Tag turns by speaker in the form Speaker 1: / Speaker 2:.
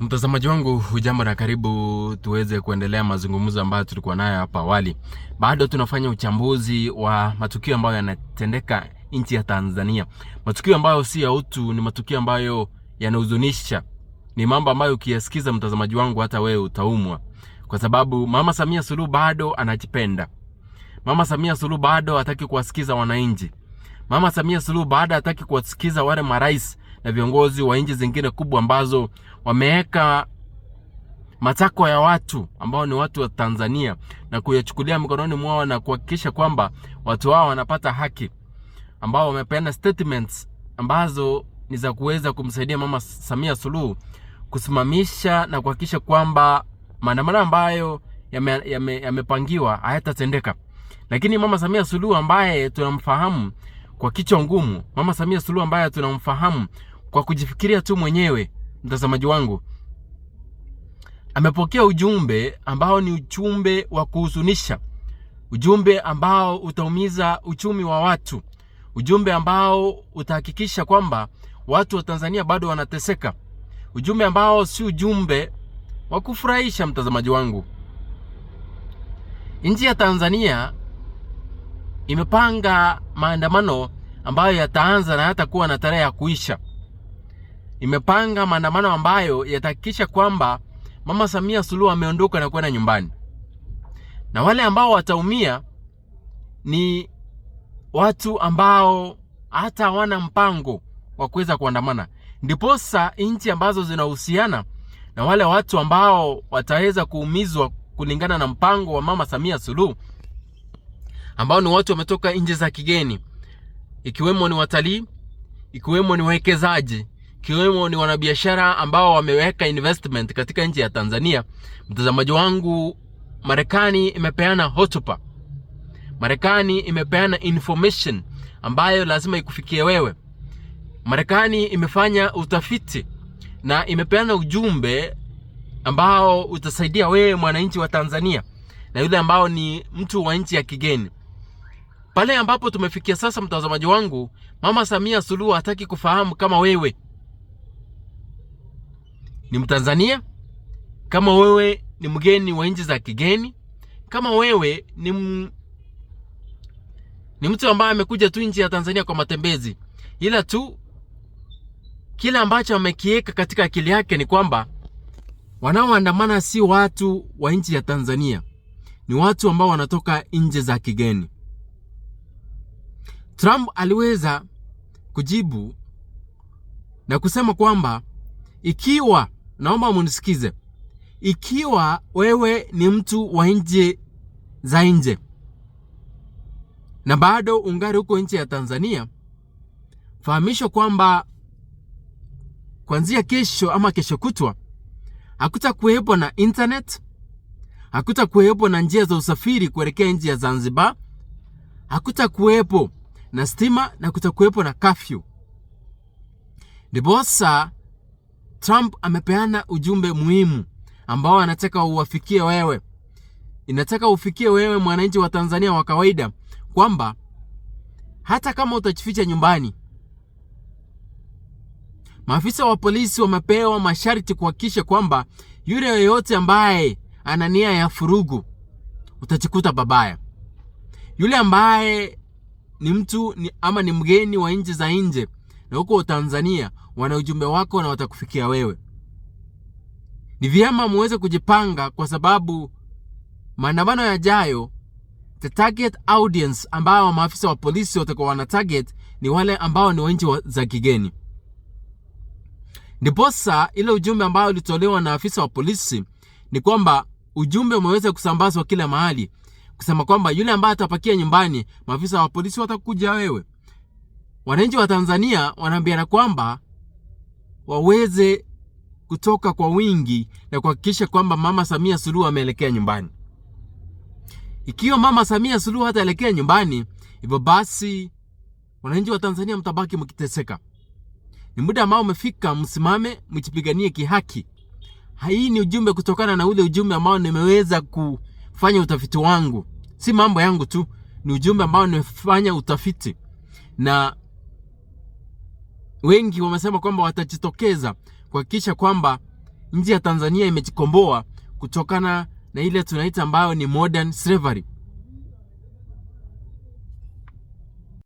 Speaker 1: Mtazamaji wangu hujambo na karibu, tuweze kuendelea mazungumzo ambayo tulikuwa nayo hapo awali. Bado tunafanya uchambuzi wa matukio ambayo yanatendeka nchi ya Tanzania, matukio ambayo si ya utu, ni matukio ambayo yanahuzunisha, ni mambo ambayo ukiyasikiza, mtazamaji wangu, hata wewe utaumwa, kwa sababu Mama Samia Suluhu bado anajipenda. Mama Samia Suluhu bado hataki kuwasikiza wananchi. Mama Samia Suluhu bado hataki kuwasikiza wale marais na viongozi wa nchi zingine kubwa ambazo wameweka matakwa ya watu ambao ni watu wa Tanzania na kuyachukulia mikononi mwao na kuhakikisha kwamba watu wao wanapata haki, ambao wamepeana statements ambazo ni za kuweza kumsaidia Mama Samia Suluhu kusimamisha na kuhakikisha kwamba maandamano ambayo yamepangiwa yame, yame hayatatendeka. Lakini Mama Samia Suluhu ambaye tunamfahamu kwa kichwa ngumu, Mama Samia Suluhu ambaye tunamfahamu kwa kujifikiria tu mwenyewe, mtazamaji wangu, amepokea ujumbe ambao ni ujumbe wa kuhuzunisha, ujumbe ambao utaumiza uchumi wa watu, ujumbe ambao utahakikisha kwamba watu wa Tanzania bado wanateseka, ujumbe ambao si ujumbe wa kufurahisha. Mtazamaji wangu, nchi ya Tanzania imepanga maandamano ambayo yataanza na hata kuwa na tarehe ya kuisha imepanga maandamano ambayo yatahakikisha kwamba Mama Samia Suluhu ameondoka na kwenda nyumbani, na wale ambao wataumia ni watu ambao hata hawana mpango wa kuweza kuandamana, ndiposa nchi ambazo zinahusiana na wale watu ambao wataweza kuumizwa kulingana na mpango wa Mama Samia Suluhu ambao ni watu wametoka nje za kigeni, ikiwemo ni watalii, ikiwemo ni wawekezaji ikiwemo ni wanabiashara ambao wameweka investment katika nchi ya Tanzania. Mtazamaji wangu, Marekani imepeana hotuba, Marekani imepeana information ambayo lazima ikufikie wewe. Marekani imefanya utafiti na imepeana ujumbe ambao utasaidia wewe mwananchi wa Tanzania na yule ambao ni mtu wa nchi ya kigeni. Pale ambapo tumefikia sasa, mtazamaji wangu, Mama Samia Suluhu hataki kufahamu kama wewe ni Mtanzania, kama wewe ni mgeni wa nchi za kigeni, kama wewe ni, m... ni mtu ambaye amekuja tu nchi ya Tanzania kwa matembezi, ila tu kile ambacho amekiweka katika akili yake ni kwamba wanaoandamana si watu wa nchi ya Tanzania, ni watu ambao wanatoka nje za kigeni. Trump aliweza kujibu na kusema kwamba ikiwa naomba munisikize. Ikiwa wewe ni mtu wa nje za nje na bado ungari huko nchi ya Tanzania, fahamisho kwamba kuanzia kesho ama kesho kutwa kuwepo na internet, kuwepo na njia za usafiri kuelekea nje ya Zanzibar, kuwepo na stima na kutakuwepo na kafyu. Ndiposa Trump amepeana ujumbe muhimu ambao anataka uwafikie wewe, inataka ufikie wewe mwananchi wa Tanzania wa kawaida, kwamba hata kama utajificha nyumbani, maafisa wa polisi wamepewa masharti kuhakikisha kwamba yule yoyote ambaye ana nia ya furugu utajikuta babaya. Yule ambaye ni mtu ni, ama ni mgeni wa nchi za nje na huko Tanzania wana ujumbe wako na watakufikia wewe. Ni vyema muweze kujipanga, kwa sababu maandamano yajayo the target audience ambao maafisa wa polisi watakuwa wana target ni wale ambao ni wa nchi za kigeni. Ndiposa ile ujumbe ambao ulitolewa na afisa wa polisi ni kwamba ujumbe umeweza kusambazwa kila mahali, kusema kwamba yule ambaye atapakia nyumbani, maafisa wa polisi watakuja wewe wananchi wa Tanzania wanaambiana kwamba waweze kutoka kwa wingi na kuhakikisha kwamba Mama Samia Suluhu ameelekea nyumbani. Ikiwa Mama Samia Suluhu hataelekea nyumbani, hivyo basi wananchi wa Tanzania mtabaki mkiteseka. Ni muda ambao umefika, msimame mjipiganie kihaki. Hii ni ujumbe kutokana na ule ujumbe ambao nimeweza kufanya utafiti wangu, si mambo yangu tu, ni ujumbe ambao nimefanya utafiti na wengi wamesema kwamba watajitokeza kuhakikisha kwamba nchi ya Tanzania imejikomboa kutokana na ile tunaita ambayo ni modern slavery.